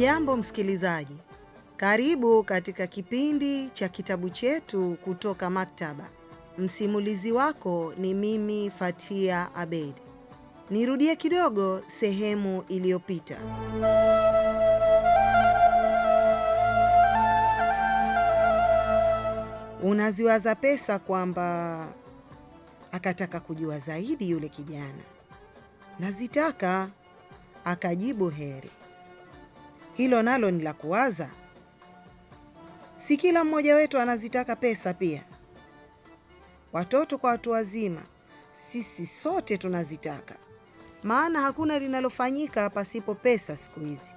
Hujambo msikilizaji, karibu katika kipindi cha kitabu chetu kutoka maktaba. Msimulizi wako ni mimi Fatia abedi Nirudie kidogo sehemu iliyopita. Unaziwaza pesa kwamba, akataka kujua zaidi yule kijana. Nazitaka, akajibu Heri hilo nalo ni la kuwaza. Si kila mmoja wetu anazitaka pesa pia, watoto kwa watu wazima, sisi sote tunazitaka, maana hakuna linalofanyika pasipo pesa siku hizi.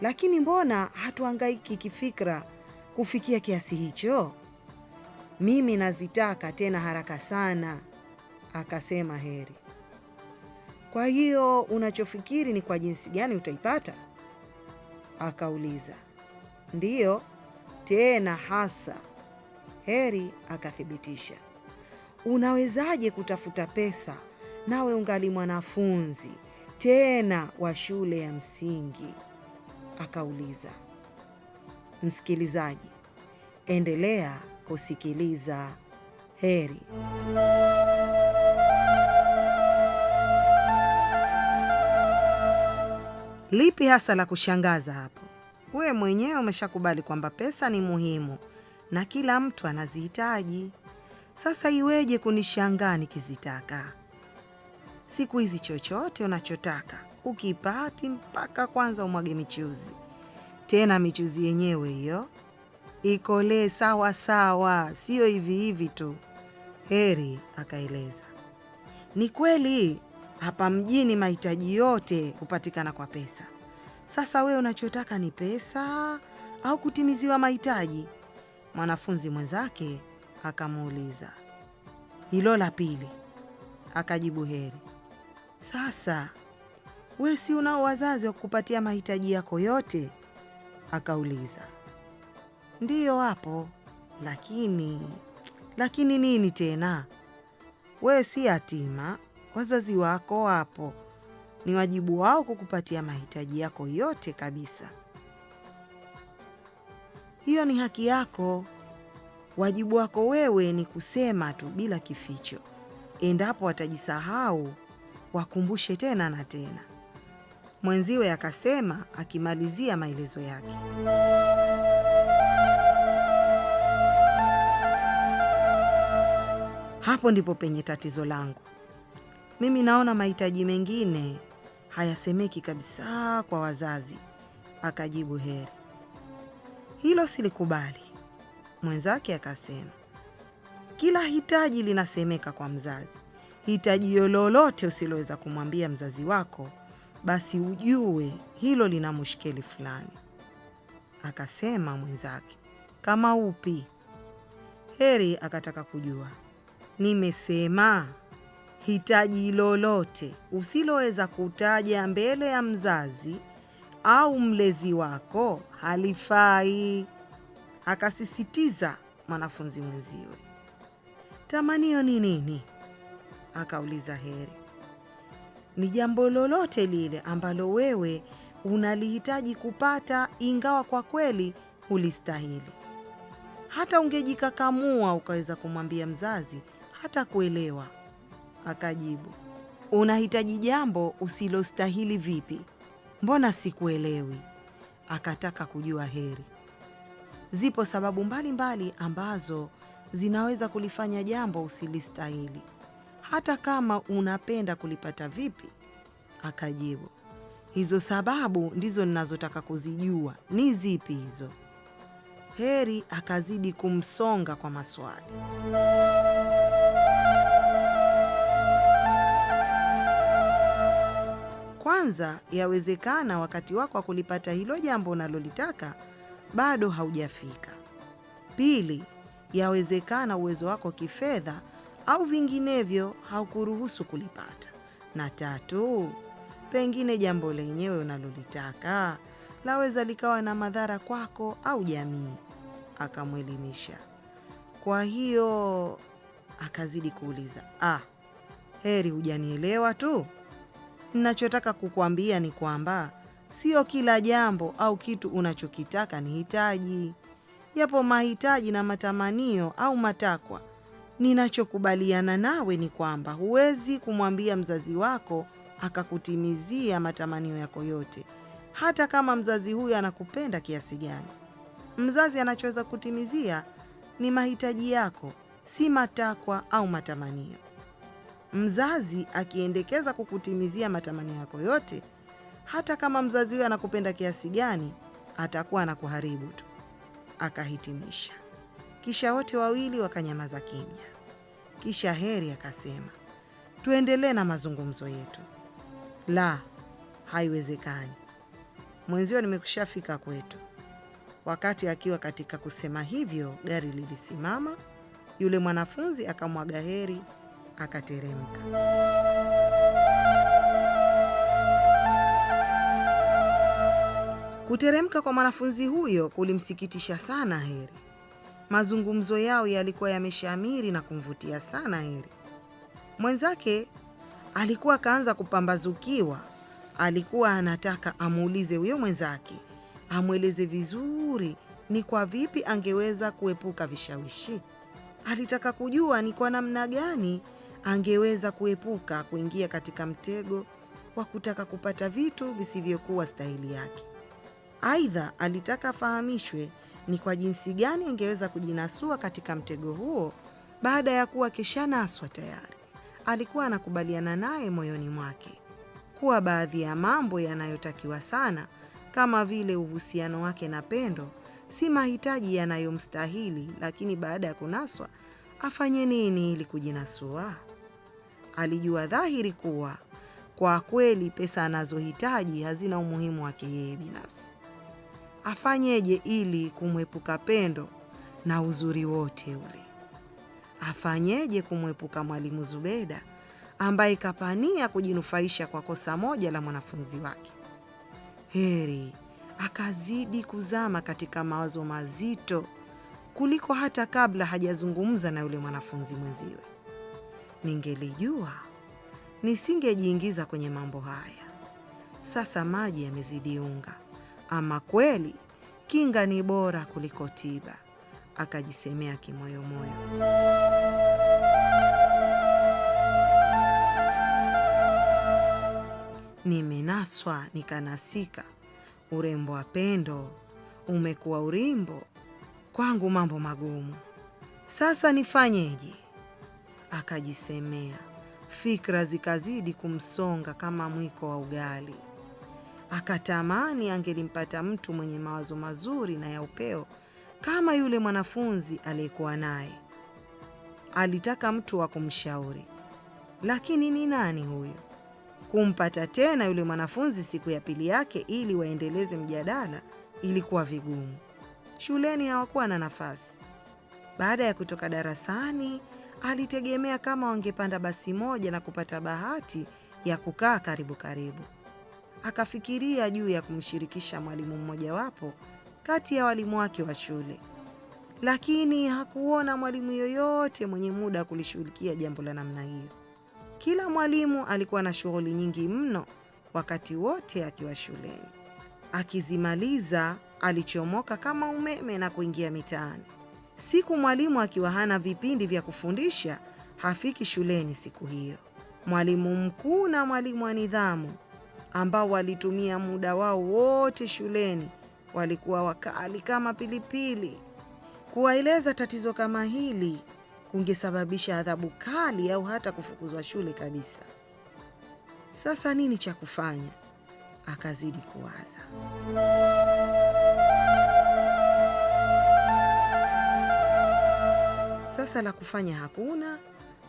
Lakini mbona hatuangaiki kifikra kufikia kiasi hicho? Mimi nazitaka tena haraka sana, akasema Heri. Kwa hiyo unachofikiri ni kwa jinsi gani utaipata? Akauliza, ndiyo tena hasa. Heri akathibitisha, unawezaje kutafuta pesa nawe ungali mwanafunzi tena wa shule ya msingi? Akauliza, msikilizaji, endelea kusikiliza. Heri. Lipi hasa la kushangaza hapo? Wewe mwenyewe umeshakubali kwamba pesa ni muhimu na kila mtu anazihitaji. Sasa iweje kunishangaa nikizitaka? Siku hizi chochote unachotaka ukipati mpaka kwanza umwage michuzi, tena michuzi yenyewe hiyo ikolee sawa sawa, siyo hivi hivi tu. Heri akaeleza, ni kweli hapa mjini mahitaji yote hupatikana kwa pesa. Sasa wewe unachotaka ni pesa au kutimiziwa mahitaji? Mwanafunzi mwenzake akamuuliza. Hilo la pili, akajibu Heri. Sasa we si unao wazazi wa kukupatia mahitaji yako yote? Akauliza. Ndiyo hapo lakini lakini nini tena? Wewe si yatima wazazi wako wapo, ni wajibu wao kukupatia mahitaji yako yote kabisa. Hiyo ni haki yako. Wajibu wako wewe ni kusema tu bila kificho. Endapo watajisahau, wakumbushe tena na tena. Mwenziwe akasema akimalizia maelezo yake. Hapo ndipo penye tatizo langu mimi naona mahitaji mengine hayasemeki kabisa kwa wazazi, akajibu Heri. Hilo silikubali, mwenzake akasema. Kila hitaji linasemeka kwa mzazi. Hitaji lolote usiloweza kumwambia mzazi wako, basi ujue hilo lina mushkeli fulani, akasema mwenzake. Kama upi? Heri akataka kujua. Nimesema hitaji lolote usiloweza kutaja mbele ya mzazi au mlezi wako halifai, akasisitiza mwanafunzi mwenziwe. Tamanio ni nini? akauliza Heri. Ni jambo lolote lile ambalo wewe unalihitaji kupata, ingawa kwa kweli hulistahili. Hata ungejikakamua ukaweza kumwambia mzazi, hata kuelewa Akajibu, unahitaji jambo usilostahili vipi? Mbona sikuelewi? Akataka kujua heri. Zipo sababu mbalimbali mbali ambazo zinaweza kulifanya jambo usilistahili, hata kama unapenda kulipata vipi? Akajibu, hizo sababu ndizo ninazotaka kuzijua, ni zipi hizo? Heri akazidi kumsonga kwa maswali. Kwanza, yawezekana wakati wako wa kulipata hilo jambo unalolitaka bado haujafika. Pili, yawezekana uwezo wako kifedha au vinginevyo haukuruhusu kulipata. Na tatu, pengine jambo lenyewe unalolitaka laweza likawa na madhara kwako au jamii. Akamwelimisha. Kwa hiyo akazidi kuuliza, ah, heri hujanielewa tu. Ninachotaka kukuambia ni kwamba sio kila jambo au kitu unachokitaka ni hitaji. Yapo mahitaji na matamanio au matakwa. Ninachokubaliana nawe ni kwamba huwezi kumwambia mzazi wako akakutimizia matamanio yako yote, hata kama mzazi huyo anakupenda kiasi gani. Mzazi anachoweza kutimizia ni mahitaji yako, si matakwa au matamanio. Mzazi akiendekeza kukutimizia matamanio yako yote, hata kama mzazi huyo anakupenda kiasi gani, atakuwa na kuharibu tu, akahitimisha. Kisha wote wawili wakanyamaza kimya. Kisha Heri akasema, tuendelee na mazungumzo yetu. La, haiwezekani mwenzio, nimekushafika kwetu. Wakati akiwa katika kusema hivyo, gari lilisimama. Yule mwanafunzi akamwaga Heri akateremka. Kuteremka kwa mwanafunzi huyo kulimsikitisha sana Heri. Mazungumzo yao yalikuwa yameshamiri na kumvutia sana Heri. Mwenzake alikuwa akaanza kupambazukiwa, alikuwa anataka amuulize huyo mwenzake amweleze vizuri ni kwa vipi angeweza kuepuka vishawishi. Alitaka kujua ni kwa namna gani angeweza kuepuka kuingia katika mtego wa kutaka kupata vitu visivyokuwa stahili yake. Aidha, alitaka afahamishwe ni kwa jinsi gani angeweza kujinasua katika mtego huo baada ya kuwa keshanaswa tayari. Alikuwa anakubaliana naye moyoni mwake kuwa baadhi ya mambo yanayotakiwa sana kama vile uhusiano wake na Pendo si mahitaji yanayomstahili, lakini baada ya kunaswa afanye nini ili kujinasua? alijua dhahiri kuwa kwa kweli pesa anazohitaji hazina umuhimu wake yeye binafsi. Afanyeje ili kumwepuka Pendo na uzuri wote ule? Afanyeje kumwepuka Mwalimu Zubeda ambaye kapania kujinufaisha kwa kosa moja la mwanafunzi wake? Heri akazidi kuzama katika mawazo mazito kuliko hata kabla hajazungumza na yule mwanafunzi mwenziwe. Ningelijua nisingejiingiza kwenye mambo haya. Sasa maji yamezidi unga. Ama kweli kinga ni bora kuliko tiba, akajisemea kimoyomoyo. Nimenaswa nikanasika, urembo wa pendo umekuwa urimbo kwangu, mambo magumu. Sasa nifanyeje? akajisemea. Fikra zikazidi kumsonga kama mwiko wa ugali. Akatamani angelimpata mtu mwenye mawazo mazuri na ya upeo kama yule mwanafunzi aliyekuwa naye. Alitaka mtu wa kumshauri, lakini ni nani huyo? Kumpata tena yule mwanafunzi siku ya pili yake ili waendeleze mjadala ilikuwa vigumu. Shuleni hawakuwa na nafasi. Baada ya kutoka darasani alitegemea kama wangepanda basi moja na kupata bahati ya kukaa karibu karibu. Akafikiria juu ya kumshirikisha mwalimu mmojawapo kati ya walimu wake wa shule, lakini hakuona mwalimu yoyote mwenye muda wa kulishughulikia jambo la namna hiyo. Kila mwalimu alikuwa na shughuli nyingi mno wakati wote akiwa shuleni. Akizimaliza alichomoka kama umeme na kuingia mitaani. Siku mwalimu akiwa hana vipindi vya kufundisha hafiki shuleni siku hiyo. Mwalimu mkuu na mwalimu wa nidhamu ambao walitumia muda wao wote shuleni walikuwa wakali kama pilipili. Kuwaeleza tatizo kama hili kungesababisha adhabu kali au hata kufukuzwa shule kabisa. Sasa nini cha kufanya? Akazidi kuwaza. Sasa la kufanya hakuna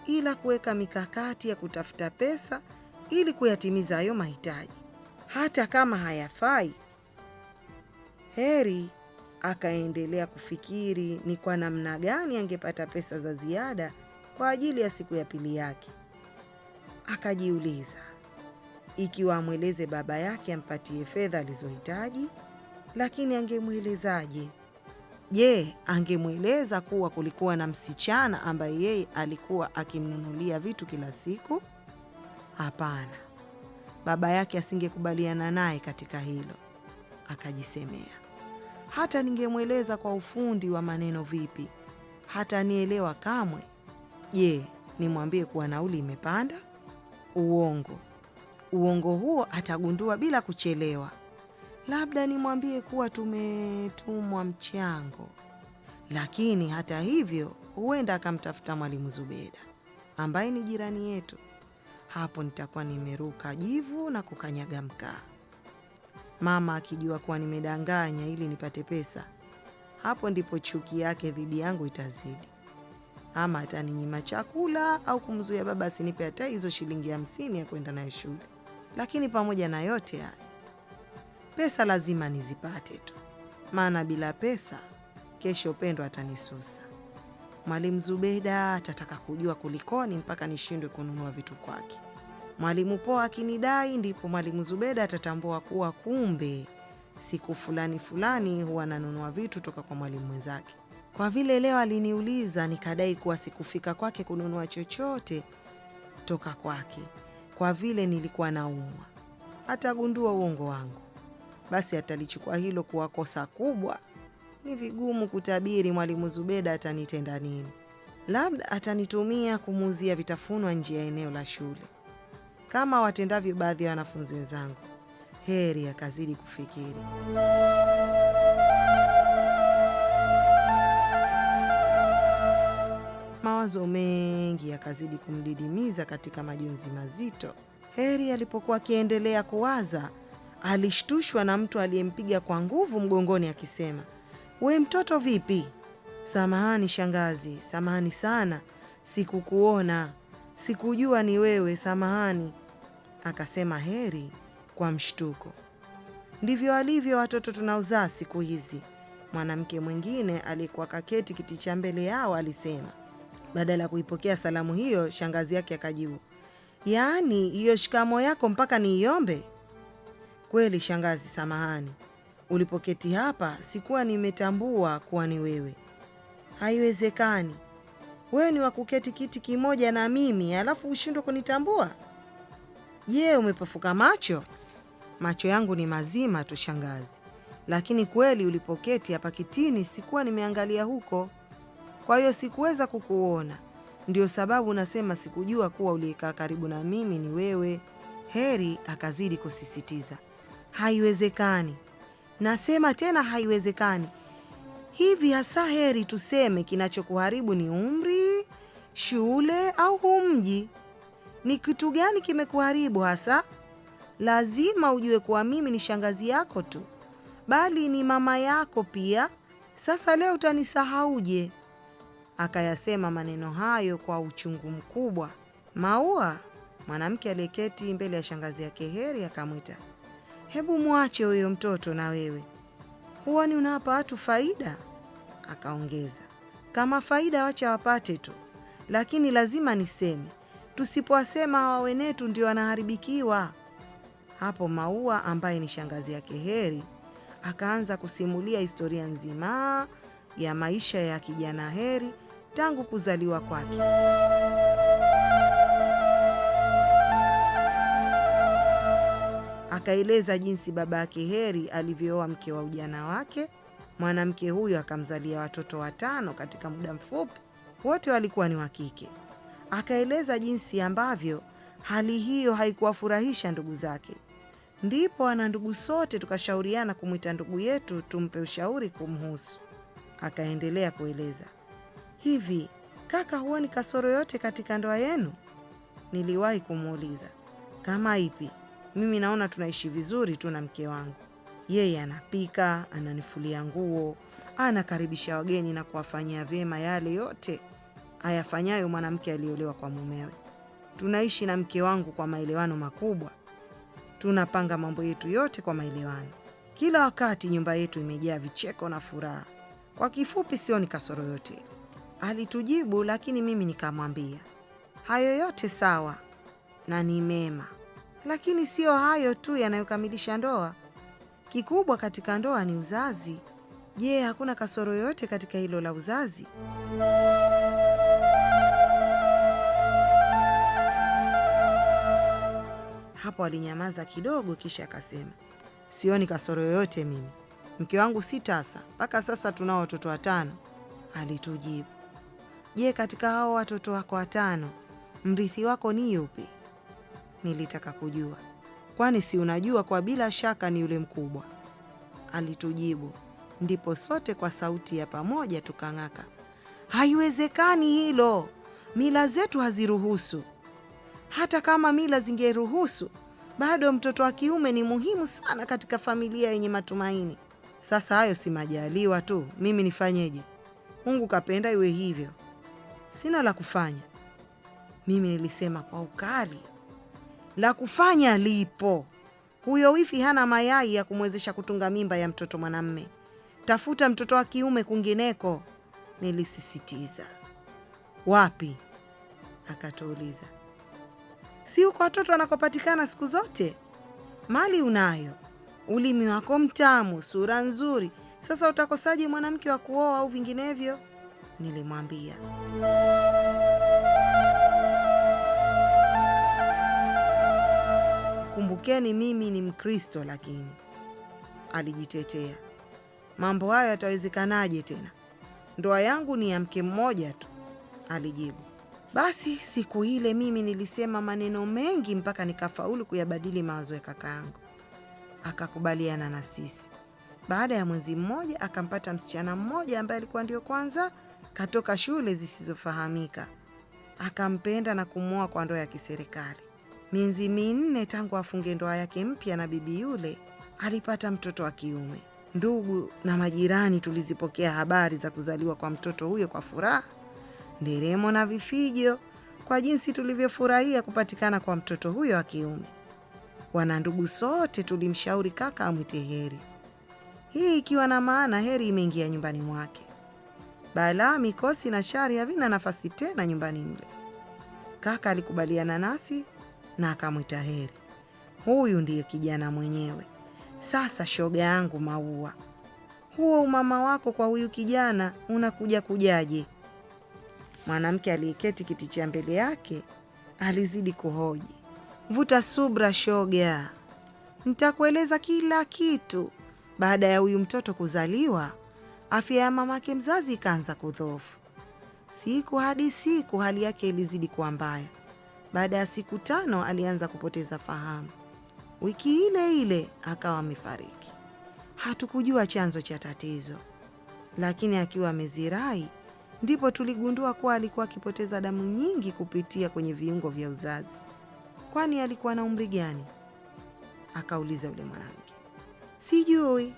ila kuweka mikakati ya kutafuta pesa ili kuyatimiza hayo mahitaji, hata kama hayafai. Heri akaendelea kufikiri ni kwa namna gani angepata pesa za ziada kwa ajili ya siku ya pili yake. Akajiuliza ikiwa amweleze baba yake ampatie fedha alizohitaji, lakini angemwelezaje? Je, angemweleza kuwa kulikuwa na msichana ambaye yeye alikuwa akimnunulia vitu kila siku? Hapana, baba yake asingekubaliana naye katika hilo. Akajisemea, hata ningemweleza kwa ufundi wa maneno vipi, hata nielewa kamwe. Je, nimwambie kuwa nauli imepanda? Uongo. Uongo huo atagundua bila kuchelewa labda nimwambie kuwa tumetumwa mchango, lakini hata hivyo huenda akamtafuta Mwalimu Zubeda ambaye ni jirani yetu. Hapo nitakuwa nimeruka jivu na kukanyaga mkaa. Mama akijua kuwa nimedanganya ili nipate pesa, hapo ndipo chuki yake dhidi yangu itazidi. Ama ataninyima chakula au kumzuia baba asinipe hata hizo shilingi hamsini ya kwenda nayo shule. Lakini pamoja na yote haya Pesa lazima nizipate tu, maana bila pesa kesho Pendo atanisusa. Mwalimu Zubeda atataka kujua kulikoni mpaka nishindwe kununua vitu kwake. Mwalimu Poa akinidai, ndipo Mwalimu Zubeda atatambua kuwa kumbe siku fulani fulani huwa nanunua vitu toka kwa mwalimu mwenzake. Kwa vile leo aliniuliza, nikadai kuwa sikufika kwake kununua chochote toka kwake, kwa vile nilikuwa naumwa. Atagundua uongo wangu basi atalichukua hilo kuwa kosa kubwa. Ni vigumu kutabiri mwalimu Zubeda atanitenda nini. Labda atanitumia kumuuzia vitafunwa nje ya eneo la shule kama watendavyo baadhi ya wanafunzi wenzangu. Heri akazidi kufikiri. Mawazo mengi yakazidi kumdidimiza katika majonzi mazito. Heri alipokuwa akiendelea kuwaza Alishtushwa na mtu aliyempiga kwa nguvu mgongoni akisema, we mtoto vipi? Samahani shangazi, samahani sana, sikukuona, sikujua ni wewe, samahani, akasema Heri kwa mshtuko. Ndivyo alivyo watoto tunaozaa siku hizi, mwanamke mwingine aliyekuwa kaketi kiti cha mbele yao alisema. Badala ya kuipokea salamu hiyo, shangazi yake akajibu, yaani hiyo shikamo yako mpaka niiombe? Kweli shangazi, samahani. Ulipoketi hapa sikuwa nimetambua kuwa ni wewe. Haiwezekani, wewe ni wa kuketi kiti kimoja na mimi alafu ushindwe kunitambua? Je, umepafuka macho? Macho yangu ni mazima tu shangazi, lakini kweli ulipoketi hapa kitini sikuwa nimeangalia huko, kwa hiyo sikuweza kukuona. Ndio sababu nasema sikujua kuwa uliyekaa karibu na mimi ni wewe. Heri akazidi kusisitiza haiwezekani. Nasema tena haiwezekani. Hivi hasa heri tuseme kinachokuharibu ni umri, shule au huu mji? Ni kitu gani kimekuharibu hasa? Lazima ujue kuwa mimi ni shangazi yako tu, bali ni mama yako pia. Sasa leo utanisahauje? Akayasema maneno hayo kwa uchungu mkubwa. Maua, mwanamke aliyeketi mbele ya shangazi yake Heri akamwita ya hebu mwache huyo mtoto na wewe, huwani unawapa watu faida? Akaongeza, kama faida wacha wapate tu, lakini lazima niseme, tusipowasema hawa wenetu ndio wanaharibikiwa. Hapo Maua ambaye ni shangazi yake Heri akaanza kusimulia historia nzima ya maisha ya kijana Heri tangu kuzaliwa kwake. akaeleza jinsi baba yake Heri alivyooa mke wa ujana wake. Mwanamke huyo akamzalia watoto watano katika muda mfupi, wote walikuwa ni wa kike. Akaeleza jinsi ambavyo hali hiyo haikuwafurahisha ndugu zake. Ndipo ana ndugu sote tukashauriana kumwita ndugu yetu tumpe ushauri kumhusu. Akaendelea kueleza hivi, kaka, huoni kasoro yote katika ndoa yenu? Niliwahi kumuuliza kama ipi, mimi naona tunaishi vizuri tu na mke wangu. Yeye anapika, ananifulia nguo, anakaribisha wageni na kuwafanyia vyema yale yote ayafanyayo mwanamke aliyeolewa kwa mumewe. Tunaishi na mke wangu kwa maelewano makubwa, tunapanga mambo yetu yote kwa maelewano. Kila wakati nyumba yetu imejaa vicheko na furaha. Kwa kifupi, sioni kasoro yote, alitujibu. Lakini mimi nikamwambia hayo yote sawa na ni mema. Lakini siyo hayo tu yanayokamilisha ndoa. Kikubwa katika ndoa ni uzazi. Je, hakuna kasoro yoyote katika hilo la uzazi? Hapo alinyamaza kidogo, kisha akasema, sioni kasoro yoyote mimi. Mke wangu si tasa, mpaka sasa tunao watoto watano. Alitujibu, je, katika hao watoto wako watano mrithi wako ni yupi? nilitaka kujua, kwani si unajua kwa bila shaka ni yule mkubwa, alitujibu. Ndipo sote kwa sauti ya pamoja tukang'aka, haiwezekani hilo, mila zetu haziruhusu. Hata kama mila zingeruhusu, bado mtoto wa kiume ni muhimu sana katika familia yenye matumaini. Sasa hayo si majaliwa tu, mimi nifanyeje? Mungu kapenda iwe hivyo, sina la kufanya, mimi nilisema kwa ukali la kufanya lipo. Huyo wifi hana mayai ya kumwezesha kutunga mimba ya mtoto mwanamme, tafuta mtoto wa kiume kwingineko, nilisisitiza. Wapi? akatuuliza. Si uko watoto wanakopatikana siku zote. Mali unayo, ulimi wako mtamu, sura nzuri, sasa utakosaje mwanamke wa kuoa au vinginevyo? Nilimwambia. kumbukeni mimi ni Mkristo, lakini alijitetea, mambo hayo yatawezekanaje tena? Ndoa yangu ni ya mke mmoja tu, alijibu. Basi siku ile mimi nilisema maneno mengi mpaka nikafaulu kuyabadili mawazo ya kaka yangu, akakubaliana na sisi. Baada ya mwezi mmoja akampata msichana mmoja ambaye alikuwa ndio kwanza katoka shule zisizofahamika, akampenda na kumwoa kwa ndoa ya kiserikali. Miezi minne tangu afunge ndoa yake mpya na bibi yule, alipata mtoto wa kiume. Ndugu na majirani tulizipokea habari za kuzaliwa kwa mtoto huyo kwa furaha, nderemo na vifijo kwa jinsi tulivyofurahia kupatikana kwa mtoto huyo wa kiume. Wanandugu sote tulimshauri kaka amwite Heri, hii ikiwa na maana Heri imeingia nyumbani mwake. Balaa, mikosi na shari havina nafasi tena nyumbani mle. Kaka alikubaliana nasi na akamwita Heri. Huyu ndiye kijana mwenyewe. Sasa shoga yangu Maua, huo umama wako kwa huyu kijana unakuja kujaje? Mwanamke aliyeketi kiti cha mbele yake alizidi kuhoji. Vuta subra shoga, nitakueleza kila kitu. Baada ya huyu mtoto kuzaliwa, afya ya mamake mzazi ikaanza kudhoofu. Siku hadi siku hali yake ilizidi kuwa mbaya. Baada ya siku tano alianza kupoteza fahamu. Wiki ile ile akawa amefariki. Hatukujua chanzo cha tatizo, lakini akiwa amezirai ndipo tuligundua kuwa alikuwa akipoteza damu nyingi kupitia kwenye viungo vya uzazi. Kwani alikuwa na umri gani? Akauliza yule mwanamke. Sijui,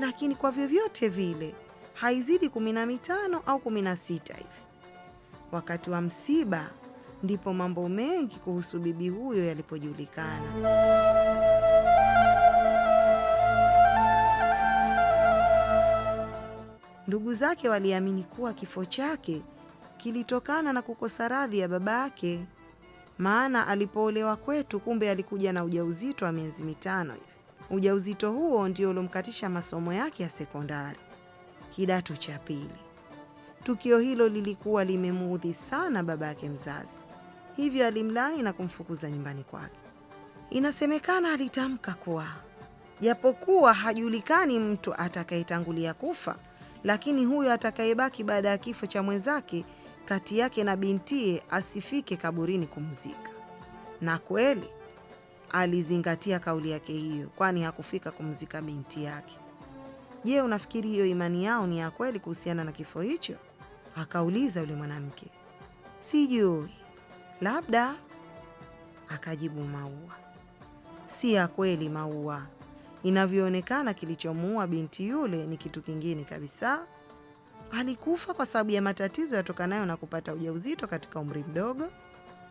lakini kwa vyovyote vile haizidi kumi na mitano au kumi na sita hivi. Wakati wa msiba ndipo mambo mengi kuhusu bibi huyo yalipojulikana. Ndugu zake waliamini kuwa kifo chake kilitokana na kukosa radhi ya babake, maana alipoolewa kwetu, kumbe alikuja na ujauzito wa miezi mitano hivi. Ujauzito huo ndio uliomkatisha masomo yake ya sekondari kidato cha pili. Tukio hilo lilikuwa limemuudhi sana babake mzazi, hivyo alimlani na kumfukuza nyumbani kwake. Inasemekana alitamka kuwa japokuwa hajulikani mtu atakayetangulia kufa, lakini huyo atakayebaki baada ya kifo cha mwenzake kati yake na bintie asifike kaburini kumzika. Na kweli alizingatia kauli yake hiyo, kwani hakufika kumzika binti yake. Je, unafikiri hiyo imani yao ni ya kweli kuhusiana na kifo hicho? Akauliza yule mwanamke. Sijui, Labda, akajibu Maua. Si ya kweli Maua, inavyoonekana kilichomuua binti yule ni kitu kingine kabisa. Alikufa kwa sababu ya matatizo yatokanayo na kupata ujauzito katika umri mdogo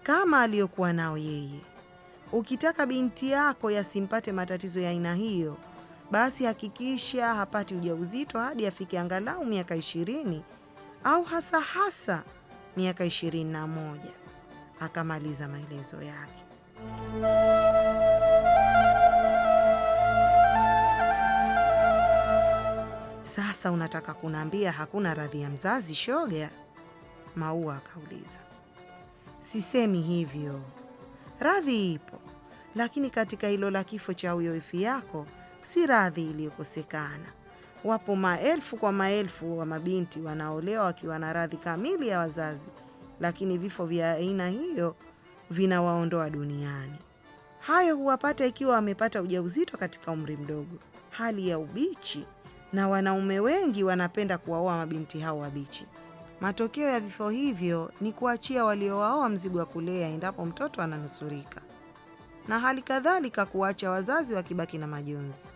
kama aliyokuwa nao yeye. Ukitaka binti yako yasimpate matatizo ya aina hiyo, basi hakikisha hapati ujauzito hadi afike angalau miaka ishirini au hasa hasa miaka ishirini na moja akamaliza maelezo yake. Sasa unataka kuniambia hakuna radhi ya mzazi, shoga? Maua akauliza. Sisemi hivyo, radhi ipo, lakini katika hilo la kifo cha huyo ifi yako si radhi iliyokosekana. Wapo maelfu kwa maelfu wa mabinti wanaolewa wakiwa na radhi kamili ya wazazi lakini vifo vya aina hiyo vinawaondoa duniani. Hayo huwapata ikiwa wamepata ujauzito katika umri mdogo, hali ya ubichi, na wanaume wengi wanapenda kuwaoa mabinti hao wabichi. Matokeo ya vifo hivyo ni kuachia waliowaoa mzigo wa kulea endapo mtoto ananusurika, na hali kadhalika kuwacha wazazi wakibaki na majonzi.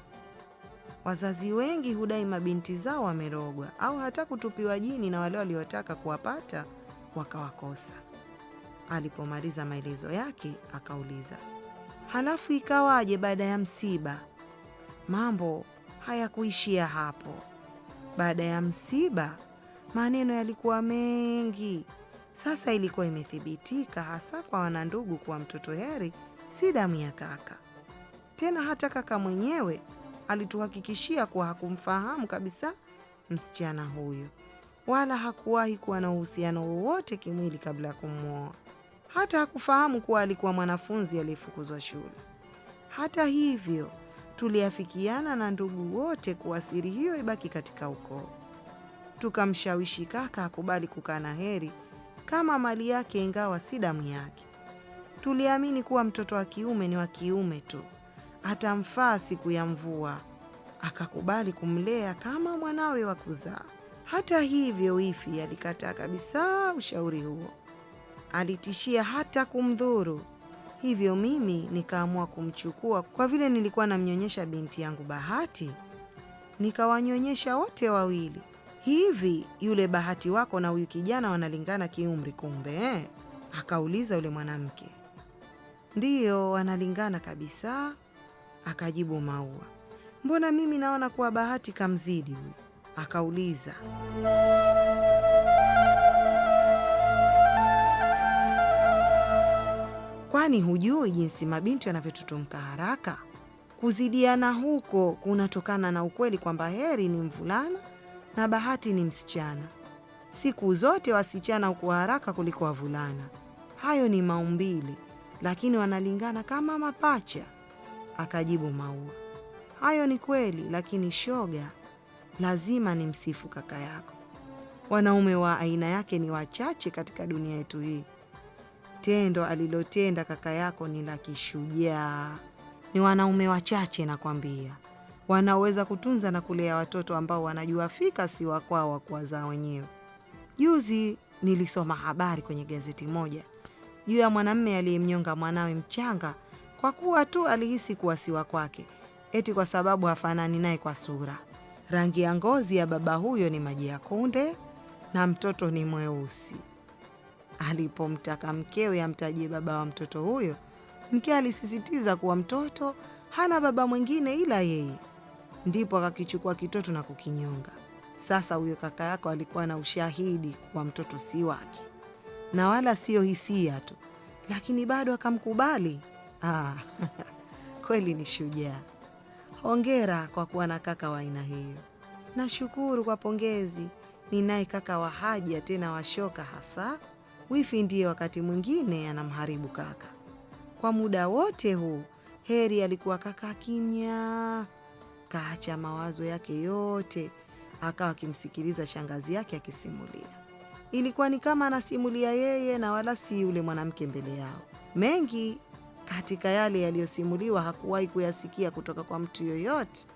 Wazazi wengi hudai mabinti zao wamerogwa au hata kutupiwa jini na wale waliotaka kuwapata wakawakosa. Alipomaliza maelezo yake akauliza, halafu ikawaje baada ya msiba? Mambo hayakuishia hapo. Baada ya msiba, maneno yalikuwa mengi. Sasa ilikuwa imethibitika hasa kwa wanandugu kuwa mtoto Heri si damu ya kaka. Tena hata kaka mwenyewe alituhakikishia kuwa hakumfahamu kabisa msichana huyo wala hakuwahi kuwa na uhusiano wowote kimwili kabla ya kumwoa. Hata hakufahamu kuwa alikuwa mwanafunzi aliyefukuzwa shule. Hata hivyo, tuliafikiana na ndugu wote kuwa siri hiyo ibaki katika ukoo. Tukamshawishi kaka akubali kukaa na Heri kama mali yake, ingawa si damu yake. Tuliamini kuwa mtoto wa kiume ni wa kiume tu, atamfaa siku ya mvua. Akakubali kumlea kama mwanawe wa kuzaa. Hata hivyo, Ifi alikataa kabisa ushauri huo, alitishia hata kumdhuru. Hivyo mimi nikaamua kumchukua kwa vile nilikuwa namnyonyesha binti yangu Bahati, nikawanyonyesha wote wawili. Hivi yule Bahati wako na huyu kijana wanalingana kiumri? Kumbe, eh? akauliza yule mwanamke. Ndiyo, wanalingana kabisa, akajibu Maua. Mbona mimi naona kuwa Bahati kamzidi huyu akauliza Kwani hujui jinsi mabinti wanavyotutumka haraka? Kuzidiana huko kunatokana na ukweli kwamba heri ni mvulana na bahati ni msichana. Siku zote wasichana hukuwa haraka kuliko wavulana. Hayo ni maumbile, lakini wanalingana kama mapacha. Akajibu Maua, hayo ni kweli, lakini shoga, lazima ni msifu kaka yako. Wanaume wa aina yake ni wachache katika dunia yetu hii. Tendo alilotenda kaka yako ni la kishujaa. Ni wanaume wachache nakwambia, wanaweza kutunza na kulea watoto ambao wanajua fika si wa kwao wa kuwazaa wenyewe. Juzi nilisoma habari kwenye gazeti moja juu ya mwanamme aliyemnyonga mwanawe mchanga kwa kuwa tu alihisi kuwa kwake, eti kwa sababu hafanani naye kwa sura. Rangi ya ngozi ya baba huyo ni maji ya kunde na mtoto ni mweusi. Alipomtaka mkewe amtajie baba wa mtoto huyo, mke alisisitiza kuwa mtoto hana baba mwingine ila yeye, ndipo akakichukua kitoto na kukinyonga. Sasa huyo kaka yako alikuwa na ushahidi kuwa mtoto si wake na wala siyo hisia tu, lakini bado akamkubali. Ah, kweli ni shujaa. Hongera kwa kuwa na kaka wa aina hiyo. Nashukuru kwa pongezi. Ninaye kaka wa haja tena washoka hasa. Wifi ndiye wakati mwingine anamharibu kaka. Kwa muda wote huu Heri alikuwa kaka kimya, kaacha mawazo yake yote, akawa akimsikiliza shangazi yake akisimulia. Ilikuwa ni kama anasimulia yeye na wala si yule mwanamke mbele yao mengi katika yale yaliyosimuliwa hakuwahi kuyasikia kutoka kwa mtu yoyote.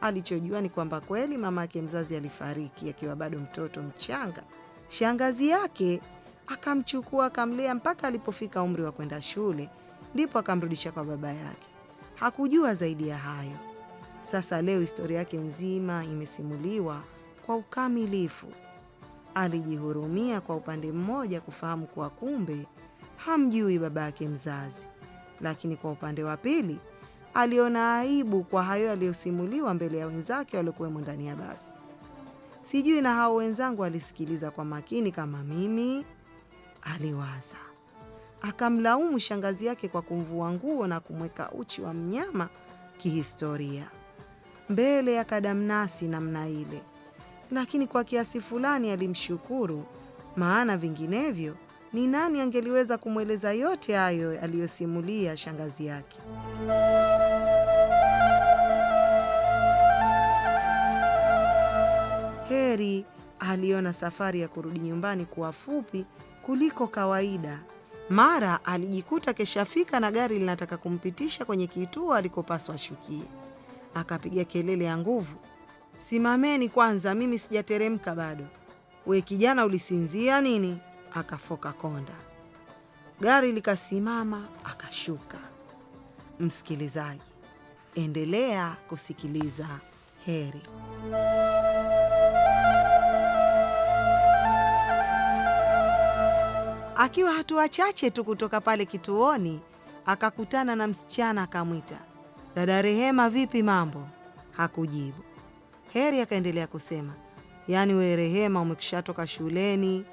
Alichojua ni kwamba kweli mama yake mzazi alifariki akiwa bado mtoto mchanga. Shangazi yake akamchukua akamlea mpaka alipofika umri wa kwenda shule, ndipo akamrudisha kwa baba yake. Hakujua zaidi ya hayo. Sasa leo historia yake nzima imesimuliwa kwa ukamilifu. Alijihurumia kwa upande mmoja kufahamu kuwa kumbe hamjui baba yake mzazi, lakini kwa upande wa pili aliona aibu kwa hayo yaliyosimuliwa mbele ya wenzake waliokuwemo ndani ya basi. Sijui na hao wenzangu alisikiliza kwa makini kama mimi, aliwaza. Akamlaumu shangazi yake kwa kumvua nguo na kumweka uchi wa mnyama kihistoria mbele ya kadamnasi namna ile, lakini kwa kiasi fulani alimshukuru, maana vinginevyo ni nani angeliweza kumweleza yote hayo aliyosimulia shangazi yake? Heri aliona safari ya kurudi nyumbani kuwa fupi kuliko kawaida. Mara alijikuta keshafika na gari linataka kumpitisha kwenye kituo alikopaswa ashukie. Akapiga kelele ya nguvu, simameni kwanza, mimi sijateremka bado. We kijana, ulisinzia nini? akafoka konda, gari likasimama, akashuka. Msikilizaji, endelea kusikiliza Heri. Akiwa hatua chache tu kutoka pale kituoni, akakutana na msichana akamwita, dada Rehema, vipi mambo? Hakujibu. Heri akaendelea kusema, yaani wewe Rehema, umekushatoka shuleni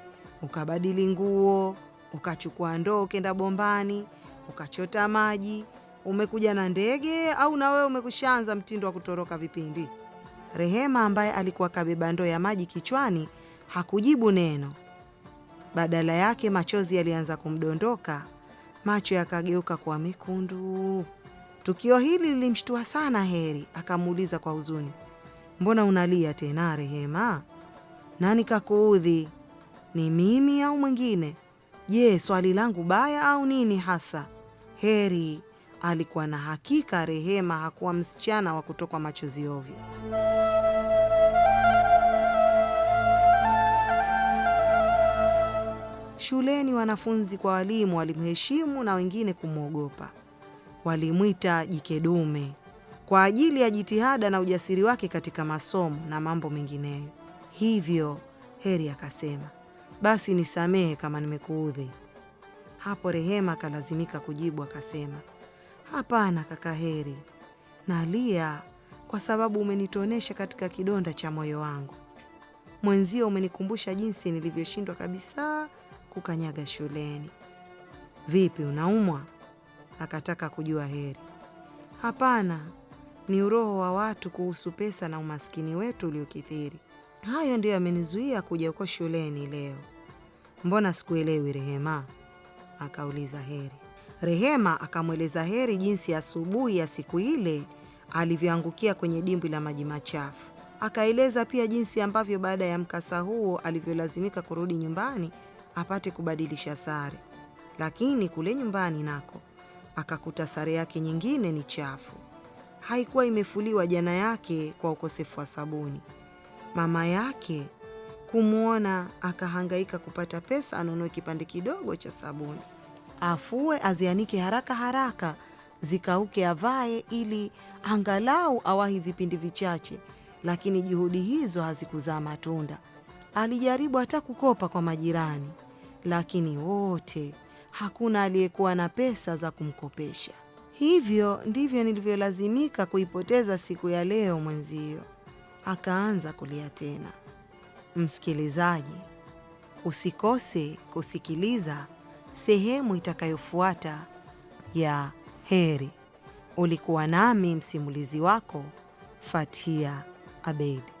ukabadili nguo, ukachukua ndoo, ukenda bombani, ukachota maji. Umekuja na ndege au na wewe umekushaanza mtindo wa kutoroka vipindi? Rehema ambaye alikuwa kabeba ndoo ya maji kichwani hakujibu neno. Badala yake machozi yalianza kumdondoka, macho yakageuka kuwa mekundu. Tukio hili lilimshtua sana Heri, akamuuliza kwa huzuni, mbona unalia tena Rehema? Nani kakuudhi? Ni mimi au mwingine? Je, swali langu baya au nini hasa? Heri alikuwa na hakika Rehema hakuwa msichana wa kutokwa machozi ovyo. Shuleni wanafunzi kwa walimu walimheshimu na wengine kumwogopa. Walimwita jikedume kwa ajili ya jitihada na ujasiri wake katika masomo na mambo mengineyo. Hivyo Heri akasema, basi nisamehe kama nimekuudhi. Hapo Rehema akalazimika kujibu akasema, hapana kaka Heri, nalia kwa sababu umenitonesha katika kidonda cha moyo wangu. Mwenzio umenikumbusha jinsi nilivyoshindwa kabisa kukanyaga shuleni. Vipi, unaumwa? akataka kujua Heri. Hapana, ni uroho wa watu kuhusu pesa na umaskini wetu uliokithiri. Hayo ndiyo amenizuia kuja huko shuleni leo. Mbona sikuelewi Rehema? akauliza Heri. Rehema akamweleza Heri jinsi asubuhi ya, ya siku ile alivyoangukia kwenye dimbwi la maji machafu. Akaeleza pia jinsi ambavyo baada ya mkasa huo alivyolazimika kurudi nyumbani apate kubadilisha sare, lakini kule nyumbani nako akakuta sare yake nyingine ni chafu, haikuwa imefuliwa jana yake kwa ukosefu wa sabuni mama yake kumwona akahangaika kupata pesa anunue kipande kidogo cha sabuni, afue, azianike haraka haraka zikauke, avae ili angalau awahi vipindi vichache. Lakini juhudi hizo hazikuzaa matunda. Alijaribu hata kukopa kwa majirani, lakini wote, hakuna aliyekuwa na pesa za kumkopesha. Hivyo ndivyo nilivyolazimika kuipoteza siku ya leo mwenzio akaanza kulia tena. Msikilizaji, usikose kusikiliza sehemu itakayofuata ya Heri. Ulikuwa nami msimulizi wako Fatia Abeid.